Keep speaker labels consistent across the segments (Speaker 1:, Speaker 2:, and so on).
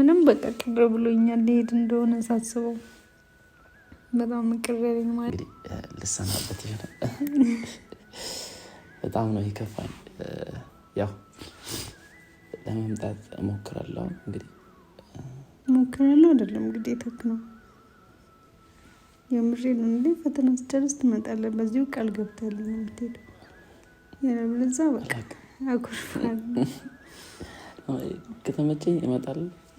Speaker 1: ምንም በቃ ቅር ብሎኛል። ሊሄድ እንደሆነ ሳስበው በጣም ቅር ያለኝ ማለት
Speaker 2: ልሰናበት ይሆናል። በጣም ነው ይከፋኝ ያው ለመምጣት እሞክራለሁ እንግዲህ
Speaker 1: እሞክራለሁ አይደለም ግዴታ ነው። የምሬ ነው እንዴ ፈተና ስጨርስ ትመጣለህ። በዚሁ ቃል ገብታል ነው የምትሄደው። ያለበለዚያ በቃ አኩርፋል
Speaker 2: ከተመቸኝ እመጣለሁ።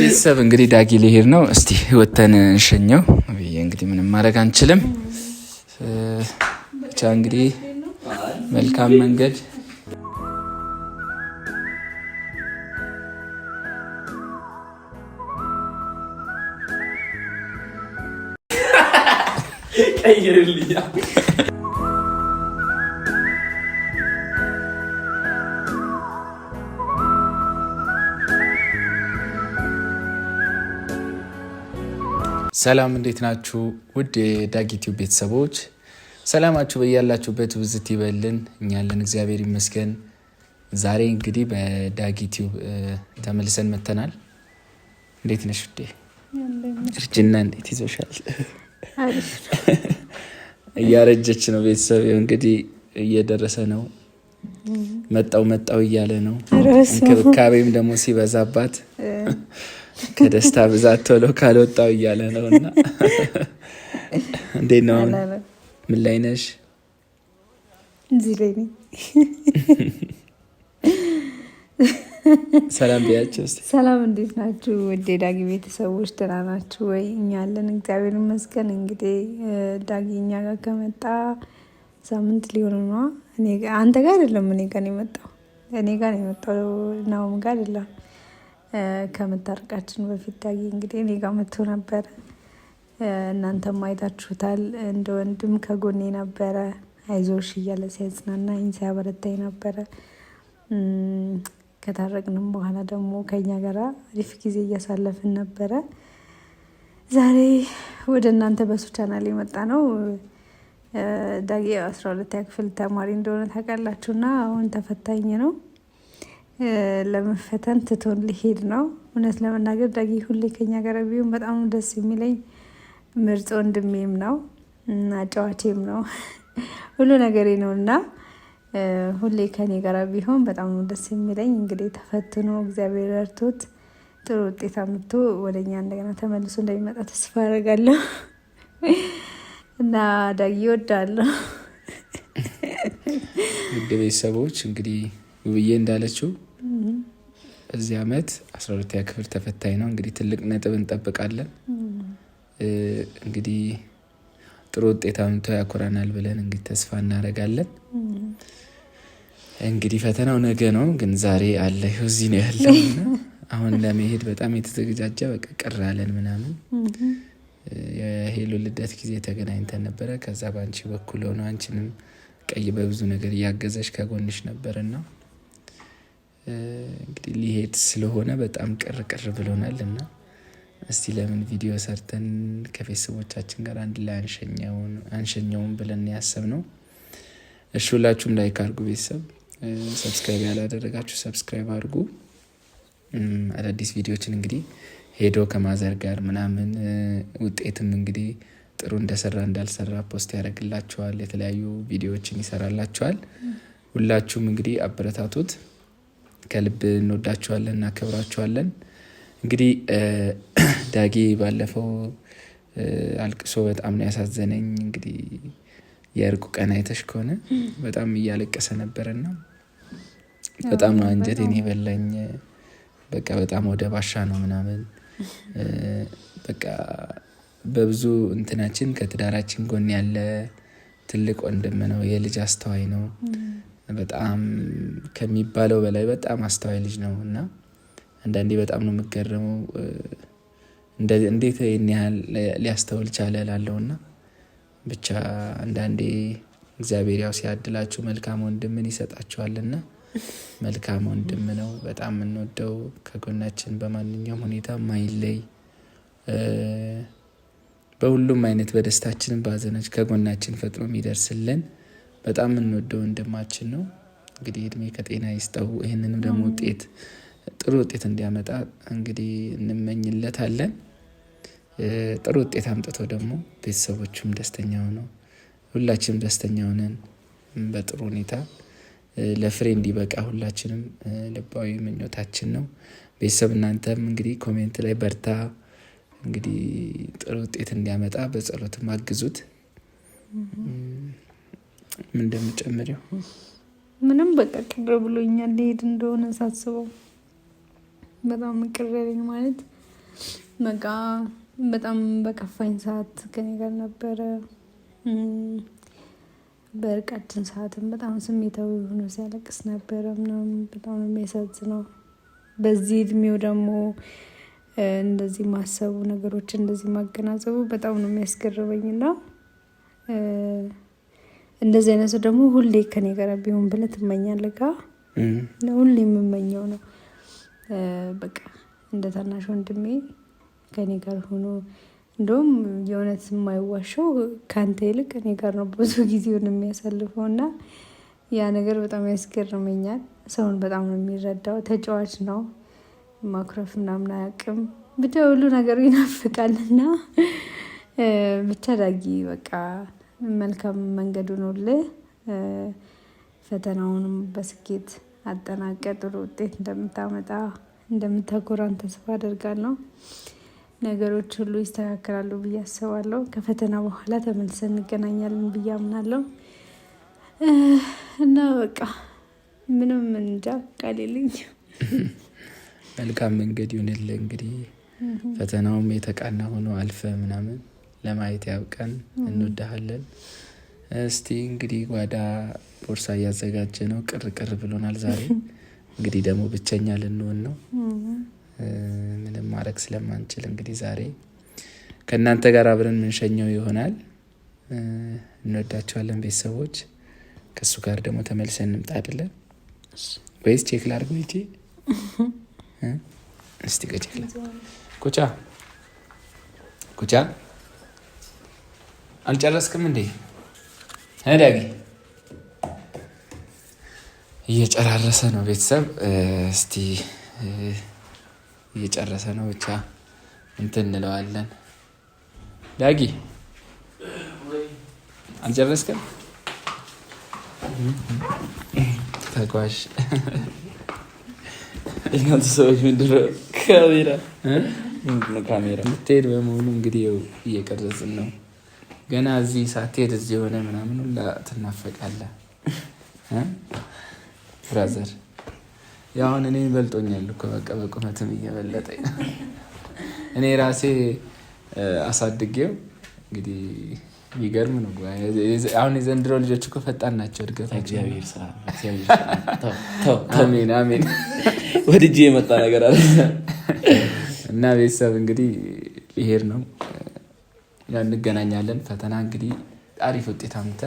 Speaker 2: ቤተሰብ እንግዲህ ዳጊ ሊሄድ ነው። እስቲ ወተን እንሸኘው ብዬ እንግዲህ ምንም ማድረግ አንችልም። ብቻ እንግዲህ መልካም መንገድ ቀይርልኛ ሰላም እንዴት ናችሁ? ውድ የዳጊቲው ቤተሰቦች ሰላማችሁ በያላችሁበት ብዝት ይበልን። እኛለን እግዚአብሔር ይመስገን። ዛሬ እንግዲህ በዳጊቲው ተመልሰን መተናል። እንዴት ነሽ ውዴ? እርጅና እንዴት ይዞሻል? እያረጀች ነው። ቤተሰብ እንግዲህ እየደረሰ ነው። መጣው መጣው እያለ ነው። እንክብካቤም ደግሞ ሲበዛባት ከደስታ ብዛት ቶሎ ካልወጣው እያለ ነው። እና እንዴት ነው? ምን ላይ ነሽ?
Speaker 1: እዚህ ላይ ነኝ።
Speaker 2: ሰላም ቢያቸው።
Speaker 1: ሰላም እንዴት ናችሁ? ውዴ ዳጊ ቤተሰቦች ደህና ናችሁ ወይ? እኛ አለን እግዚአብሔር ይመስገን። እንግዲህ ዳጊ እኛ ጋር ከመጣ ሳምንት ሊሆን ነ አንተ ጋር አይደለም እኔ ጋር የመጣው እኔ ጋር የመጣው ናውም ጋር አይደለም። ከመታረቃችን በፊት ዳጊ እንግዲህ እኔ ጋር መጥቶ ነበረ። እናንተም አይታችሁታል። እንደ ወንድም ከጎኔ ነበረ፣ አይዞሽ እያለ ሲያጽናናኝ ሲያበረታኝ ነበረ። ከታረቅንም በኋላ ደግሞ ከኛ ጋራ አሪፍ ጊዜ እያሳለፍን ነበረ። ዛሬ ወደ እናንተ በሱ ቻናል የመጣ ነው። ዳጌ አስራ ሁለተኛ ክፍል ተማሪ እንደሆነ ታውቃላችሁ እና አሁን ተፈታኝ ነው። ለመፈተን ትቶን ሊሄድ ነው። እውነት ለመናገር ዳጌ ሁሌ ከኛ ጋር ቢሆን በጣም ደስ የሚለኝ ምርጥ ወንድሜም ነው እና ጨዋቼም ነው ሁሉ ነገሬ ነው እና ሁሌ ከኔ ጋር ቢሆን በጣም ነው ደስ የሚለኝ። እንግዲህ ተፈትኖ እግዚአብሔር ረድቶት ጥሩ ውጤት አምጥቶ ወደኛ እንደገና ተመልሶ እንደሚመጣ ተስፋ አደርጋለሁ እና ዳጊ ይወዳለሁ።
Speaker 2: ውድ ቤተሰቦች እንግዲህ ውብዬ እንዳለችው እዚህ ዓመት አስራ ሁለተኛ ክፍል ተፈታኝ ነው። እንግዲህ ትልቅ ነጥብ እንጠብቃለን እንግዲህ ጥሩ ውጤት አምቶ ያኮራናል ብለን እንግዲህ ተስፋ እናደርጋለን። እንግዲህ ፈተናው ነገ ነው፣ ግን ዛሬ አለ እዚህ ነው ያለው። አሁን ለመሄድ በጣም የተዘገጃጀ በቃ ቅር አለን ምናምን። የሄሉ ልደት ጊዜ ተገናኝተን ነበረ። ከዛ በአንቺ በኩል ሆነ አንቺንም ቀይ በብዙ ነገር እያገዘሽ ከጎንሽ ነበርና እንግዲህ ሊሄድ ስለሆነ በጣም ቅር ቅር ብሎናል እና እስቲ ለምን ቪዲዮ ሰርተን ከቤተሰቦቻችን ጋር አንድ ላይ አንሸኘውን ብለን ነው። እሺ ሁላችሁም ላይክ አድርጉ። ቤተሰብ ሰብስክራይብ ያላደረጋችሁ ሰብስክራይብ አድርጉ። አዳዲስ ቪዲዮችን እንግዲህ ሄዶ ከማዘር ጋር ምናምን ውጤትም እንግዲህ ጥሩ እንደሰራ እንዳልሰራ ፖስት ያደርግላችኋል። የተለያዩ ቪዲዮዎችን ይሰራላችኋል። ሁላችሁም እንግዲህ አበረታቱት። ከልብ እንወዳችኋለን፣ እናከብራችኋለን። እንግዲህ ዳጌ ባለፈው አልቅሶ በጣም ነው ያሳዘነኝ። እንግዲህ የእርቁ ቀን አይተሽ ከሆነ በጣም እያለቀሰ ነበረና በጣም ነው አንጀቴን የበላኝ። በቃ በጣም ወደ ባሻ ነው ምናምን በቃ በብዙ እንትናችን ከትዳራችን ጎን ያለ ትልቅ ወንድም ነው። የልጅ አስተዋይ ነው። በጣም ከሚባለው በላይ በጣም አስተዋይ ልጅ ነው እና አንዳንዴ በጣም ነው የምገረመው። እንዴት ይህን ያህል ሊያስተውል ቻለ ላለውና ብቻ አንዳንዴ እግዚአብሔር ያው ሲያድላችሁ መልካም ወንድምን ይሰጣችኋልና መልካም ወንድም ነው። በጣም የምንወደው ከጎናችን በማንኛውም ሁኔታ ማይለይ በሁሉም አይነት በደስታችንም በሀዘናች ከጎናችን ፈጥኖ የሚደርስልን በጣም የምንወደው ወንድማችን ነው። እንግዲህ እድሜ ከጤና ይስጠው። ይህንንም ደግሞ ውጤት ጥሩ ውጤት እንዲያመጣ እንግዲህ እንመኝለታለን። ጥሩ ውጤት አምጥቶ ደግሞ ቤተሰቦቹም ደስተኛ ሆነው ሁላችንም ደስተኛ ሆነን በጥሩ ሁኔታ ለፍሬ እንዲበቃ ሁላችንም ልባዊ ምኞታችን ነው። ቤተሰብ እናንተም እንግዲህ ኮሜንት ላይ በርታ፣ እንግዲህ ጥሩ ውጤት እንዲያመጣ በጸሎትም አግዙት። ምን እንደምጨምሪው
Speaker 1: ምንም በቃ ቅር ብሎኛል። ሊሄድ እንደሆነ ሳስበው በጣም ቅር ያለኝ ማለት በቃ በጣም በከፋኝ ሰዓት ከኔ ጋር ነበረ። በእርቃችን ሰዓትም በጣም ስሜታዊ ሆኖ ሲያለቅስ ነበረ ምናምን። በጣም የሚያሳዝነው በዚህ እድሜው ደግሞ እንደዚህ ማሰቡ ነገሮች እንደዚህ ማገናዘቡ በጣም ነው የሚያስገርመኝ ና እንደዚህ አይነት ሰው ደግሞ ሁሌ ከኔ ጋር ቢሆን ብለህ ትመኛለህ። ጋ ሁሌ የምመኘው ነው በቃ እንደ ታናሽ ወንድሜ ከኔ ጋር ሆኖ እንደውም የእውነት የማይዋሸው ከአንተ ይልቅ እኔ ጋር ነው ብዙ ጊዜውን የሚያሳልፈው እና ያ ነገር በጣም ያስገርመኛል። ሰውን በጣም ነው የሚረዳው። ተጫዋች ነው፣ ማኩረፍ ምናምን አያውቅም። ብቻ ሁሉ ነገሩ ይናፍቃል እና ብቻ ዳጊ በቃ መልካም መንገዱ ነው ፈተናውንም በስኬት አጠናቀ ጥሩ ውጤት እንደምታመጣ እንደምታኮራን ተስፋ አደርጋለሁ። ነገሮች ሁሉ ይስተካከላሉ ብዬ አስባለሁ። ከፈተና በኋላ ተመልሰን እንገናኛለን ብዬ አምናለሁ እና በቃ ምንም እንጃ ቃል
Speaker 2: መልካም መንገድ ይሁንልህ። እንግዲህ ፈተናውም የተቃና ሆኖ አልፈ ምናምን ለማየት ያብቀን። እንወዳሃለን። እስቲ እንግዲህ ጓዳ ቦርሳ እያዘጋጀ ነው። ቅር ቅር ብሎናል ዛሬ እንግዲህ ደግሞ ብቸኛ ልንሆን ነው። ምንም ማድረግ ስለማንችል እንግዲህ ዛሬ ከእናንተ ጋር አብረን የምንሸኘው ይሆናል። እንወዳቸዋለን ቤተሰቦች። ከእሱ ጋር ደግሞ ተመልሰን እንምጣ አይደለ ወይስ ቼክ ላድርግ ይቼ እስቲ ቁጫ ቁጫ አልጨረስክም እንዴ? ዳጊ እየጨራረሰ ነው ቤተሰብ እስቲ እየጨረሰ ነው። ብቻ እንትን እንለዋለን። ዳጊ አልጨረስክም? ተጓዥ እናንተ ሰዎች ምንድን ካሜራ ካሜራ የምትሄድ በመሆኑ እንግዲህ እየቀረጽን ነው። ገና እዚህ ሳትሄድ እዚህ የሆነ ምናምን ሁላ ትናፈቃለህ ብራዘር ያሁን እኔ ይበልጦኛል እኮ በቃ በቁመትም እየበለጠኝ እኔ ራሴ አሳድጌው እንግዲህ ይገርም ነው። አሁን የዘንድሮ ልጆች እኮ ፈጣን ናቸው እድገታቸው። አሜን አሜን።
Speaker 3: ወድጄ የመጣ ነገር አለ
Speaker 2: እና ቤተሰብ እንግዲህ ይሄድ ነው እንገናኛለን። ፈተና እንግዲህ አሪፍ ውጤት አምተ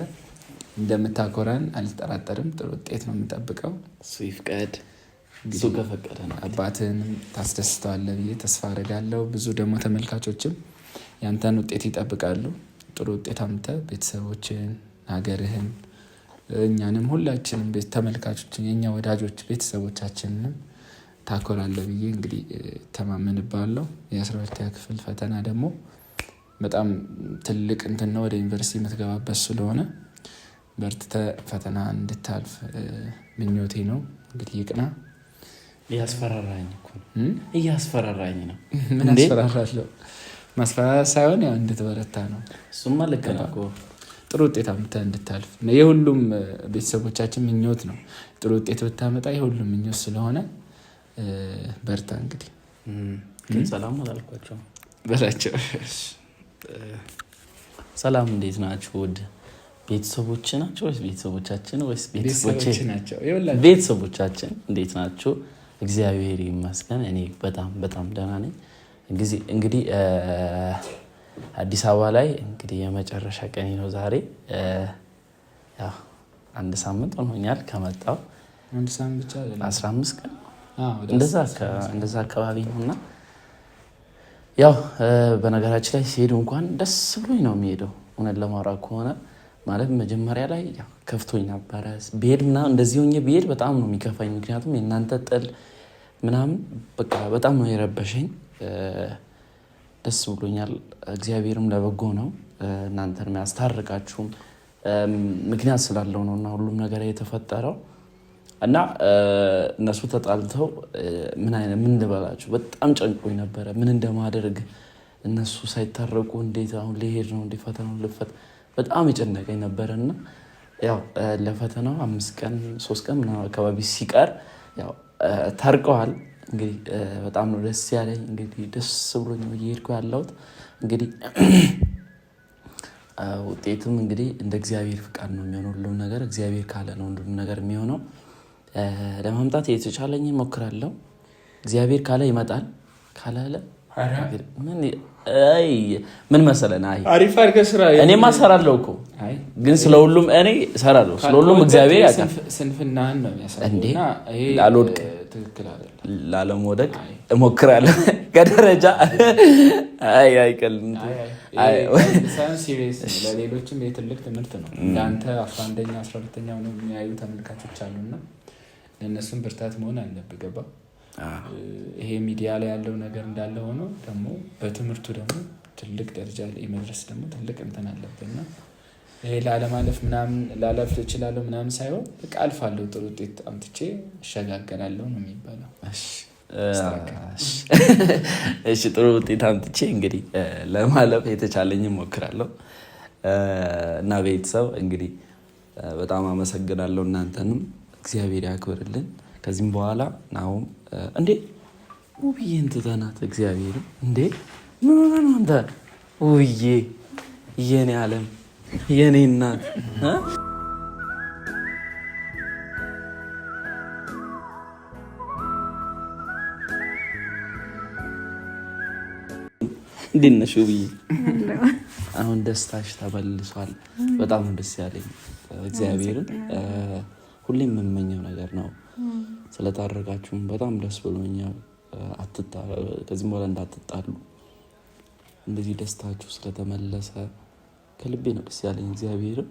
Speaker 2: እንደምታኮረን አልጠራጠርም። ጥሩ ውጤት ነው የምጠብቀው።
Speaker 3: እሱ ይፍቀድ። እሱ ከፈቀደ ነው።
Speaker 2: አባትን ታስደስተዋለህ ብዬ ተስፋ አደርጋለሁ። ብዙ ደግሞ ተመልካቾችም ያንተን ውጤት ይጠብቃሉ። ጥሩ ውጤት አምጥተህ ቤተሰቦችን፣ ሀገርህን፣ እኛንም ሁላችንም ተመልካቾችን፣ የእኛ ወዳጆች ቤተሰቦቻችንንም ታኮላለህ ብዬ እንግዲህ ተማመንባለሁ። የአስራ ሁለተኛ ክፍል ፈተና ደግሞ በጣም ትልቅ እንትን ነው። ወደ ዩኒቨርሲቲ የምትገባበት ስለሆነ በርትተ ፈተና እንድታልፍ ምኞቴ ነው። እንግዲህ ይቅና።
Speaker 3: እያስፈራራኝ እኮ እያስፈራራኝ ነው።
Speaker 2: ምን አስፈራራለሁ? ማስፈራራት ሳይሆን ያው እንድትበረታ ነው።
Speaker 3: እሱማ ልክ ነው
Speaker 2: ጥሩ ውጤት አምጥተህ እንድታልፍ የሁሉም ቤተሰቦቻችን ምኞት ነው። ጥሩ ውጤት ብታመጣ የሁሉም ምኞት ስለሆነ በርታ። እንግዲህ
Speaker 3: ግን ሰላም አላልኳቸው
Speaker 2: በላቸው። ሰላም እንዴት ናችሁ? ውድ ቤተሰቦች ናቸው ወይስ ቤተሰቦቻችን ወይስ ቤተሰቦቻችን እንዴት ናችሁ? እግዚአብሔር ይመስገን እኔ በጣም በጣም ደህና ነኝ። እንግዲህ አዲስ አበባ ላይ እንግዲህ የመጨረሻ ቀኔ ነው ዛሬ። አንድ ሳምንት ሆኖኛል ከመጣው አስራ አምስት ቀን እንደዛ አካባቢ ነው እና ያው በነገራችን ላይ ሲሄዱ እንኳን ደስ ብሎኝ ነው የሚሄደው። እውነት ለማውራ ከሆነ ማለት መጀመሪያ ላይ ከፍቶኝ ነበረ ብሄድ ምናምን እንደዚህ ሆኜ ብሄድ በጣም ነው የሚከፋኝ። ምክንያቱም የእናንተ ጥል ምናምን በቃ በጣም ነው የረበሸኝ። ደስ ብሎኛል። እግዚአብሔርም ለበጎ ነው። እናንተን ያስታርቃችሁም ምክንያት ስላለው ነው እና ሁሉም ነገር የተፈጠረው እና እነሱ ተጣልተው ምን አይነት ምን ልበላችሁ፣ በጣም ጨንቆኝ ነበረ ምን እንደማደርግ እነሱ ሳይታረቁ እንዴት አሁን ሊሄድ ነው እንዲ ፈተናውን ልፈት በጣም የጨነቀኝ ነበረ እና ያው ለፈተናው አምስት ቀን ሶስት ቀን ምናምን አካባቢ ሲቀር ያው ታርቀዋል። እንግዲህ በጣም ነው ደስ ያለኝ። እንግዲህ ደስ ብሎኝ እየሄድኩ ያለሁት። እንግዲህ ውጤቱም እንግዲህ እንደ እግዚአብሔር ፍቃድ ነው የሚሆነው። ሁሉም ነገር እግዚአብሔር ካለ ነው ሁሉም ነገር የሚሆነው። ለማምጣት የተቻለኝ ሞክራለሁ። እግዚአብሔር ካለ ይመጣል፣ ካላለ ምን መሰለን
Speaker 3: አሪፍ አድርገህ ስራ።
Speaker 2: እኔማ እሰራለሁ እኮ ግን ስለሁሉም እኔ እሰራለሁ፣ ስለሁሉም ሁሉም እግዚአብሔር
Speaker 3: ስንፍናህን ነው
Speaker 2: ላልወድቅ ላለመውደቅ እሞክራለሁ። ከደረጃ አይቀልም።
Speaker 3: ለሌሎችም የትልቅ ትምህርት ነው። ለአንተ አስራ አንደኛ አስራ ሁለተኛ የሚያዩ ተመልካቾች አሉና ለእነሱም ብርታት መሆን አለብህ። ገባ ይሄ ሚዲያ ላይ ያለው ነገር እንዳለ ሆኖ ደግሞ በትምህርቱ ደግሞ ትልቅ ደረጃ ላይ መድረስ ደግሞ ትልቅ እንትን አለብና ይሄ ላለማለፍ ምናምን ላለፍ እችላለሁ ምናምን ሳይሆን በቃ አልፋለሁ፣ ጥሩ ውጤት አምጥቼ እሸጋገራለሁ ነው የሚባለው።
Speaker 2: እሺ፣ ጥሩ ውጤት አምጥቼ እንግዲህ ለማለፍ የተቻለኝ ሞክራለሁ። እና ቤተሰብ እንግዲህ በጣም አመሰግናለሁ እናንተንም እግዚአብሔር ያክብርልን። ከዚህም በኋላ ናሁም እንዴ ውብዬ እንትተናት እግዚአብሔር እንዴ ምን ሆነህ ነው አንተ? ውብዬ የኔ አለም የኔ እናት እንዴት ነሽ ውብዬ? አሁን ደስታሽ ተመልሷል በጣም ደስ ያለኝ እግዚአብሔርን ሁሌም የምመኘው ነገር ነው ስለታረጋችሁም በጣም ደስ ብሎኛል። ከዚህም በኋላ እንዳትጣሉ እንደዚህ ደስታችሁ ስለተመለሰ ከልቤ ነው ደስ ያለኝ። እግዚአብሔርም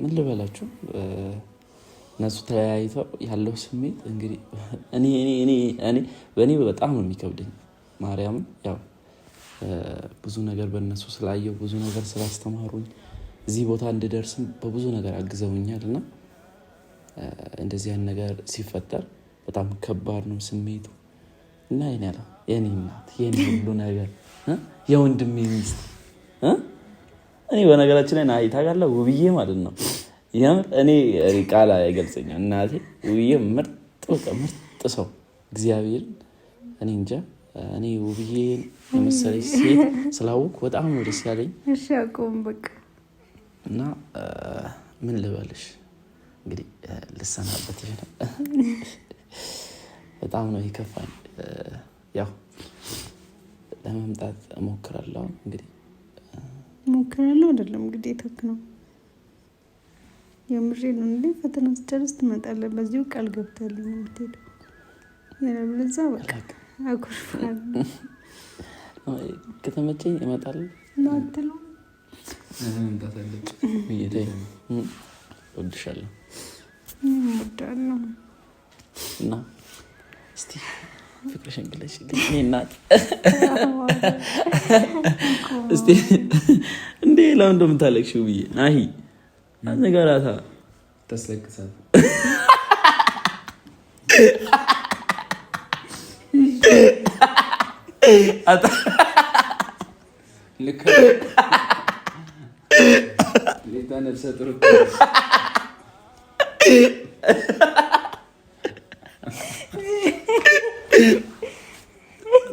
Speaker 2: ምን ልበላችሁ እነሱ ተለያይተው ያለው ስሜት እንግዲህ በእኔ በጣም ነው የሚከብደኝ። ያው ብዙ ነገር በእነሱ ስላየው ብዙ ነገር ስላስተማሩኝ እዚህ ቦታ እንድደርስም በብዙ ነገር አግዘውኛል እና እንደዚህ ያን ነገር ሲፈጠር በጣም ከባድ ነው ስሜቱ እና ይኔ ላ የኔ እናት የኔ ሁሉ ነገር የወንድሜ ሚስት እኔ በነገራችን ላይ ና ይታጋለ ውብዬ ማለት ነው። የምር እኔ ቃል አይገልጸኛል። እናቴ ውብዬ ምርጥ በቃ ምርጥ ሰው እግዚአብሔርን እኔ እንጃ እኔ ውብዬን የመሰለች ሴት ስላውቅ በጣም ነው ደስ ያለኝ እና ምን ልበልሽ እንግዲህ ልሰናበት ይሆናል። በጣም ነው ይከፋኝ። ያው ለመምጣት እሞክራለሁ እንግዲህ
Speaker 1: እሞክራለሁ አይደለም እንግዲህ ተክ ነው የምሬ ነው እንዴ ፈተና ስጨርስ ትመጣለህ። በዚሁ ቃል ገብታለሁ ነው የምትሄደው። ለዛ በቃ አኩርፋለሁ።
Speaker 2: ከተመቸኝ እመጣለሁ
Speaker 1: ነው አትለው እና
Speaker 2: እስቲ ፍቅርሽን ግለጪልኝ እናት። እስቲ እንዴ ለምን እንደምታለቅሺው ብዬ ናሂ ንገራታ
Speaker 3: ተስለቅሳት ልክ ነፍሰ ጥሩ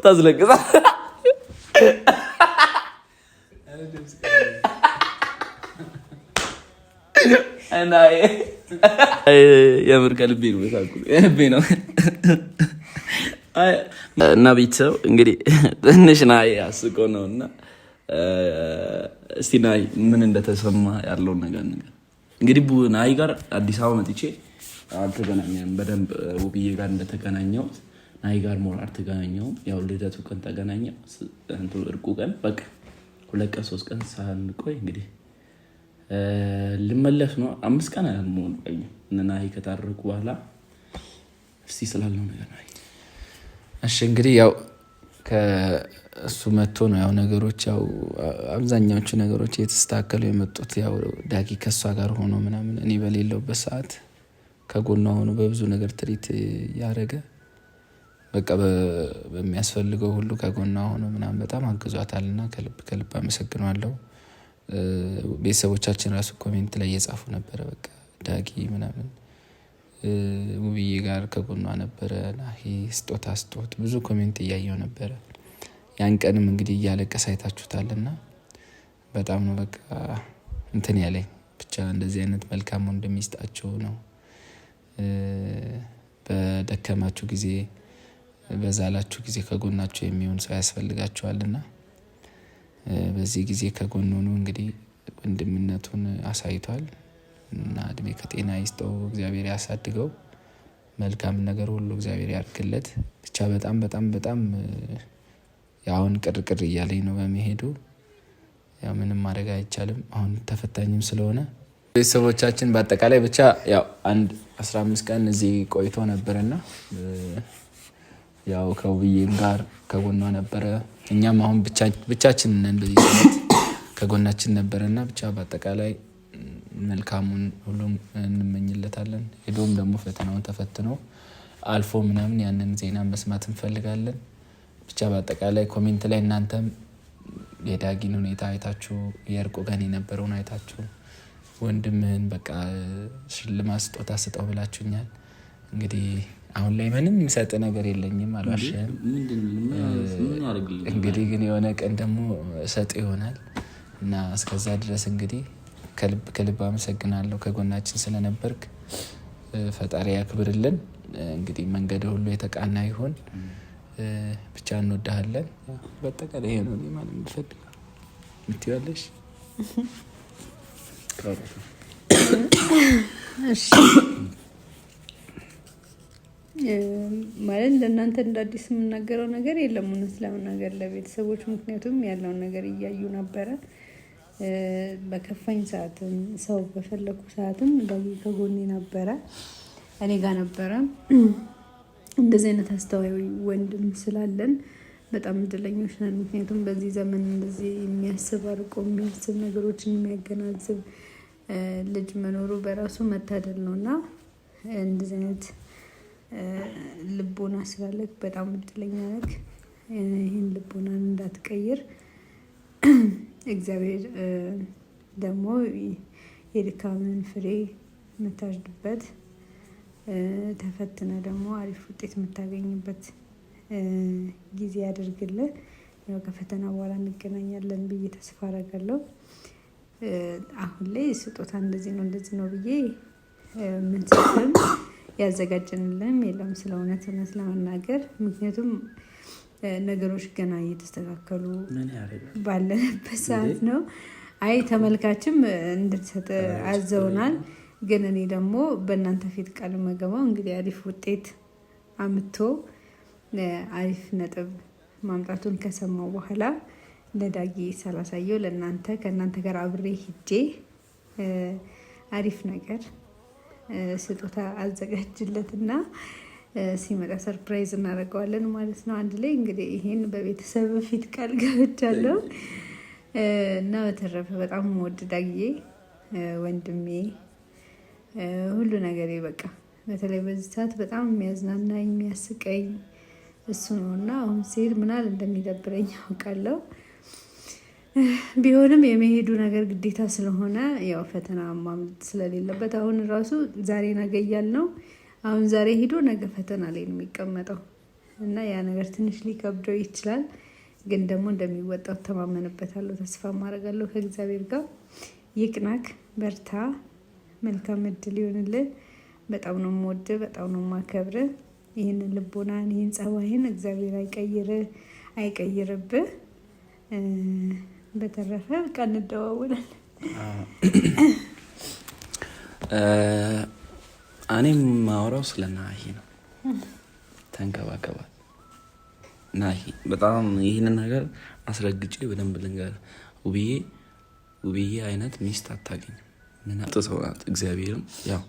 Speaker 2: ታስለቅሳ የምር ከልቤ ነው ልቤ ነው። እና ቤተሰብ እንግዲህ ትንሽ ናይ አስቆ ነው እና እስቲ ናይ ምን እንደተሰማ ያለውን ነገር ነገር እንግዲህ ናሂ ጋር አዲስ አበባ መጥቼ አልተገናኘንም። በደንብ ውብዬ ጋር እንደተገናኘሁት ናይ ጋር ሞር አልተገናኘሁም። ያው ልደቱ ቀን ተገናኘ፣ እርቁ ቀን በቃ ሁለት ቀን ሶስት ቀን ሳንቆይ እንግዲህ ልመለስ ነው። አምስት ቀን አልሞሆን ቆየ እነ ናሂ ከታረቁ በኋላ እስቲ ስላለው ነገር ናሂ እሺ እንግዲህ ያው ከእሱ መጥቶ ነው ያው ነገሮች ያው አብዛኛዎቹ ነገሮች የተስተካከሉ የመጡት ያው ዳጊ ከእሷ ጋር ሆኖ ምናምን እኔ በሌለውበት ሰዓት ከጎኗ ሆኖ በብዙ ነገር ትሪት ያደረገ በቃ በሚያስፈልገው ሁሉ ከጎኗ ሆኖ ምናምን በጣም አግዟታል እና ከልብ ከልብ አመሰግናለሁ። ቤተሰቦቻችን ራሱ ኮሜንት ላይ እየጻፉ ነበረ በቃ ዳጊ ምናምን ውብዬ ጋር ከጎኗ ነበረ። ናሂ ስጦታ ስጦት ብዙ ኮሜንት እያየው ነበረ። ያን ቀንም እንግዲህ እያለቀሰ እና። በጣም ነው በቃ እንትን ያለኝ ብቻ እንደዚህ አይነት መልካም ወንድም ይስጣችሁ ነው። በደከማችሁ ጊዜ በዛላችሁ ጊዜ ከጎናችሁ የሚሆን ሰው ና በዚህ ጊዜ ከጎን ሆኖ እንግዲህ ወንድምነቱን አሳይቷል። እና እድሜ ከጤና ይስጠው እግዚአብሔር ያሳድገው። መልካም ነገር ሁሉ እግዚአብሔር ያድርግለት። ብቻ በጣም በጣም በጣም አሁን ቅርቅር እያለኝ ነው በመሄዱ ያው ምንም ማድረግ አይቻልም። አሁን ተፈታኝም ስለሆነ ቤተሰቦቻችን በአጠቃላይ ብቻ ያው አንድ አስራ ቀን እዚህ ቆይቶ ነበረና ያው ከውብዬም ጋር ከጎኗ ነበረ። እኛም አሁን ብቻችንን እንደዚህ ከጎናችን ነበረና ብቻ በአጠቃላይ መልካሙን ሁሉም እንመኝለታለን። ሄዶም ደግሞ ፈተናውን ተፈትኖ አልፎ ምናምን ያንን ዜና መስማት እንፈልጋለን። ብቻ በአጠቃላይ ኮሜንት ላይ እናንተም የዳጊን ሁኔታ አይታችሁ የእርቁ ቀን የነበረውን አይታችሁ ወንድምህን በቃ ሽልማት ስጦታ ስጠው ብላችሁኛል። እንግዲህ አሁን ላይ ምንም የሚሰጥ ነገር የለኝም፣ አልዋሸህም። እንግዲህ ግን የሆነ ቀን ደግሞ እሰጥ ይሆናል እና እስከዛ ድረስ እንግዲህ ከልብ ከልብ አመሰግናለሁ ከጎናችን ስለነበርክ ፈጣሪ ያክብርልን። እንግዲህ መንገድ ሁሉ የተቃና ይሁን። ብቻ እንወዳሃለን። በአጠቃላይ ይሄ ነው ማለት የምፈልግ ምትዋለሽ።
Speaker 1: ማለት ለእናንተ እንደ አዲስ የምናገረው ነገር የለም እውነት ለመናገር ለቤተሰቦች፣ ምክንያቱም ያለውን ነገር እያዩ ነበረ። በከፋኝ ሰዓትም ሰው በፈለኩ ሰዓትም ዳጊ ከጎኔ ነበረ፣ እኔ ጋር ነበረ። እንደዚህ አይነት አስተዋይ ወንድም ስላለን በጣም እድለኞች ነን። ምክንያቱም በዚህ ዘመን እንደዚህ የሚያስብ አርቆ የሚያስብ ነገሮችን የሚያገናዝብ ልጅ መኖሩ በራሱ መታደል ነው እና እንደዚህ አይነት ልቦና ስላለክ በጣም እድለኛ ነክ። ይህን ልቦናን እንዳትቀይር እግዚአብሔር ደግሞ የድካምን ፍሬ የምታርድበት ተፈትነ ደግሞ አሪፍ ውጤት የምታገኝበት ጊዜ ያደርግልህ። ያው ከፈተና በኋላ እንገናኛለን ብዬ ተስፋ አደርጋለሁ። አሁን ላይ ስጦታ እንደዚህ ነው እንደዚህ ነው ብዬ ምንስም ስም የለም ስለ እውነት እውነት ለመናገር ምክንያቱም ነገሮች ገና እየተስተካከሉ ባለንበት ሰዓት ነው። አይ ተመልካችም እንድትሰጥ አዘውናል። ግን እኔ ደግሞ በእናንተ ፊት ቃል መገባው እንግዲህ አሪፍ ውጤት አምቶ አሪፍ ነጥብ ማምጣቱን ከሰማው በኋላ ለዳጊ ሳላሳየው ለእናንተ ከእናንተ ጋር አብሬ ሂጄ አሪፍ ነገር ስጦታ አዘጋጅለትና ሲመጣ ሰርፕራይዝ እናደርገዋለን ማለት ነው። አንድ ላይ እንግዲህ ይሄን በቤተሰብ ፊት ቃል ገብቻለሁ እና በተረፈ በጣም ወድዳዬ ወንድሜ ሁሉ ነገሬ በቃ በተለይ በዚህ ሰዓት በጣም የሚያዝናና የሚያስቀኝ እሱ ነው እና አሁን ሲሄድ ምናል እንደሚደብረኝ ያውቃለሁ። ቢሆንም የመሄዱ ነገር ግዴታ ስለሆነ ያው ፈተና ማምለጥ ስለሌለበት አሁን ራሱ ዛሬ ነገ እያልን ነው አሁን ዛሬ ሄዶ ነገ ፈተና ላይ ነው የሚቀመጠው እና ያ ነገር ትንሽ ሊከብደው ይችላል። ግን ደግሞ እንደሚወጣው ተማመንበታለሁ፣ ተስፋ ማድረጋለሁ ከእግዚአብሔር ጋር። ይቅናክ፣ በርታ፣ መልካም እድል ይሆንልን። በጣም ነው የምወድ፣ በጣም ነው የማከብር። ይህንን ልቦናን ይህን ጸባይን እግዚአብሔር አይቀይር አይቀይርብህ። በተረፈ በቃ እንደዋወላለን።
Speaker 2: እኔ የማወራው ስለ ናሂ ነው። ተንከባከባት ናሂ። በጣም ይህንን ነገር አስረግጬ በደንብ ልንገር። ውብዬ ውብዬ አይነት ሚስት አታገኝም። ምን ሰው ናት። እግዚአብሔርም ያው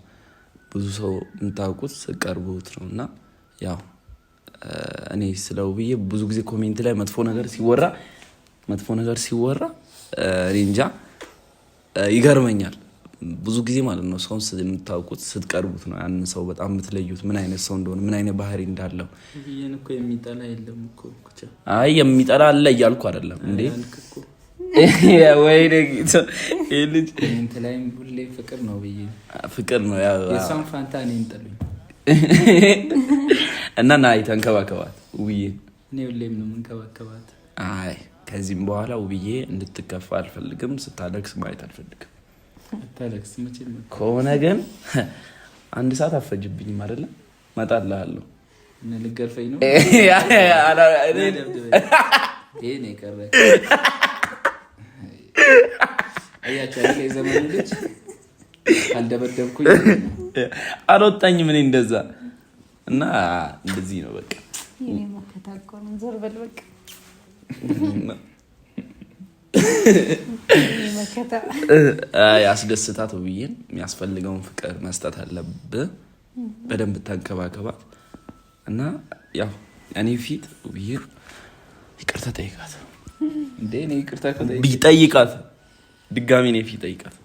Speaker 2: ብዙ ሰው የምታውቁት ቀርቦት ነው እና ያው እኔ ስለ ውብዬ ብዙ ጊዜ ኮሜንት ላይ መጥፎ ነገር ሲወራ መጥፎ ነገር ሲወራ እኔ እንጃ ይገርመኛል ብዙ ጊዜ ማለት ነው ሰውን የምታውቁት ስትቀርቡት ነው ያን ሰው በጣም የምትለዩት፣ ምን አይነት ሰው እንደሆነ፣ ምን አይነት ባህሪ እንዳለው። አይ የሚጠላ አለ እያልኩ አይደለም እንዴ ወይ
Speaker 3: ልጅ ፍቅር ነው
Speaker 2: እና ናይ ተንከባከባት ውብዬ። ከዚህም በኋላ ውብዬ እንድትከፋ አልፈልግም። ስታለቅስ ማየት አልፈልግም። ከሆነ ግን አንድ ሰዓት አፈጅብኝም አይደለም፣ እመጣልሃለሁ። ልገርፈኝ ነው አልወጣኝም። እኔ እንደዛ እና እንደዚህ ነው በቃ ያስደስታት ውብዬን የሚያስፈልገውን ፍቅር መስጠት አለብ በደንብ ተንከባከባት እና ያው እኔ ፊት ውብዬን ይቅርታ ጠይቃት። እንዴ ጠይቃት፣ ድጋሚ ነ ፊት ጠይቃት።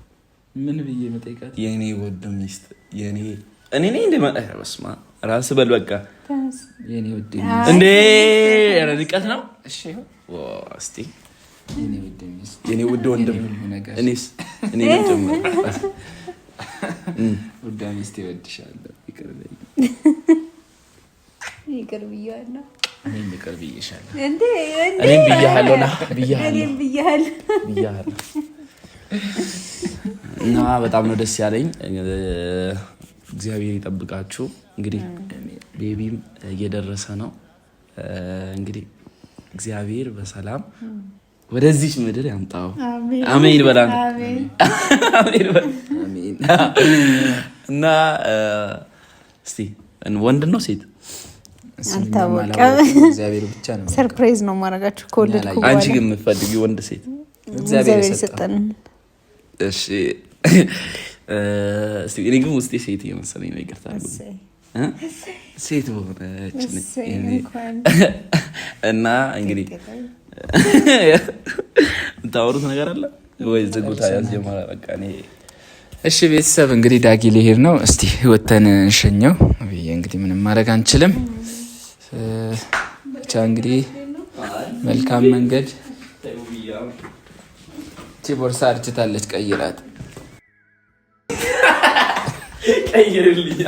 Speaker 3: ምን ብዬ መጠይቃት?
Speaker 2: የእኔ ወድ ሚስት የእኔ እኔ ነኝ እንደ በስማ ራስ በል በቃ እንዴ ርቀት ነው። እሺ እስቲ የኔ ውድ ወንድም እኔስ እኔ ጀምር
Speaker 3: ውድ ሚስት ይወድሻለሁ።
Speaker 1: ይቅር ብያለሁ።
Speaker 3: እኔም ይቅር ብዬሻለሁ።
Speaker 2: እኔም
Speaker 1: ብያለሁ
Speaker 2: እና በጣም ነው ደስ ያለኝ። እግዚአብሔር ይጠብቃችሁ። እንግዲህ ቤቢም እየደረሰ ነው። እንግዲህ እግዚአብሔር በሰላም ወደዚች ምድር ያምጣው። አሜን በላ እና እስቲ ወንድ ነው ሴት
Speaker 1: አልታወቀም። ሰርፕራይዝ ነው ማድረጋችሁ
Speaker 2: ከወለድኩ። አንቺ ግን የምትፈልጊው ወንድ ሴት?
Speaker 1: እግዚአብሔር የሰጠን።
Speaker 2: እሺ እኔ ግን ውስጤ ሴት እየመሰለኝ ነው። ይቅርታ ሴት በሆነች እና እንግዲህ ታወሩት ነገር አለ ወይ? ዝጉታ ያስጀመረ በቃ እኔ እሺ ቤተሰብ እንግዲህ ዳጊ ሊሄድ ነው። እስቲ ወተን እንሸኘው ብዬ እንግዲህ ምንም ማድረግ አንችልም። ብቻ እንግዲህ መልካም መንገድ። ቦርሳ አርጅታለች፣ ቀይራት፣ ቀይርልኛ